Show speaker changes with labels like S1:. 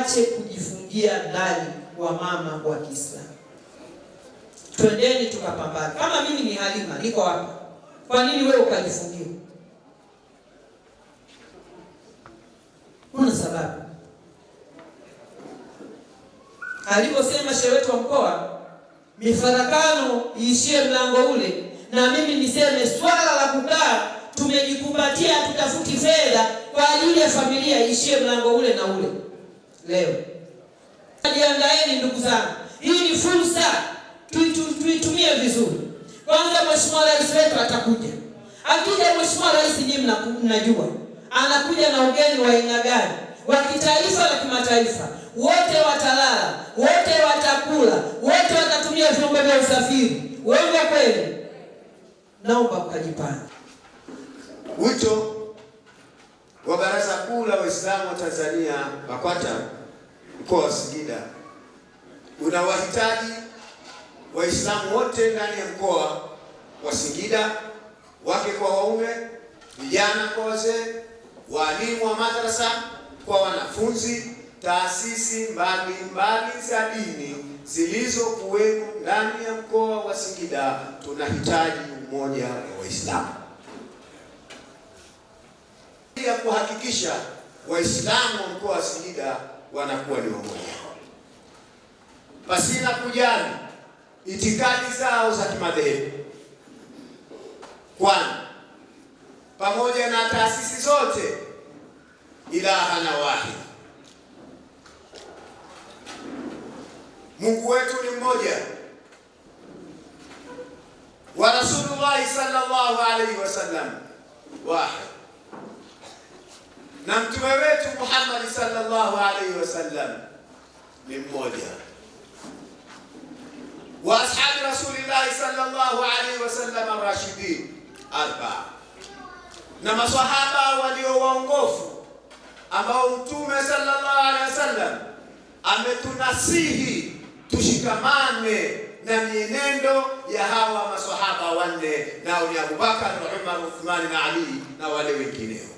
S1: Ache kujifungia ndani wa mama wa Kiislamu, twendeni tukapambana. Kama mimi ni Halima, niko hapa, kwa nini wewe ukajifungia? Kuna sababu. Aliposema shehe wetu wa mkoa, mifarakano iishie mlango ule, na mimi niseme swala la kukaa tumejikumbatia, tutafuti fedha kwa ajili ya familia, iishie mlango ule na ule leo. Jiandaeni ndugu zangu, hii ni fursa, tuitumie vizuri. Kwanza mheshimiwa rais wetu atakuja. Akija mheshimiwa rais, nyinyi mnajua anakuja na ugeni wa aina gani, wa kitaifa na kimataifa. Wote watalala, wote watakula, wote watatumia vyombo vya usafiri. Wewe kweli, naomba ukajipanga
S2: wito kula Waislamu wa Tanzania BAKWATA mkoa wa Singida unawahitaji Waislamu wote ndani ya mkoa wa Singida, wake kwa waume, vijana kwa wazee, walimu wa madrasa kwa wanafunzi, taasisi mbalimbali za dini zilizokuwepo ndani ya mkoa wa Singida. Tunahitaji umoja wa Waislamu ya kuhakikisha Waislamu wa mkoa wa Singida wanakuwa ni wamoja, pasina kujali itikadi zao za kimadhehebu, kwani pamoja na taasisi zote ilaha na wahid, Mungu wetu ni mmoja wa Rasulullahi sallallahu alaihi wasallam wahid na mtume wetu Muhammad sallallahu alaihi wasallam ni mmoja wa ashabi rasulillahi sallallahu alaihi wasallam rashidin arba na maswahaba walio waongofu ambao mtume sallallahu alaihi wasallam ametunasihi tushikamane na mienendo ya hawa maswahaba wanne, nao ni Abubakar na Umar, Uthmani na Ali na wale wengineo.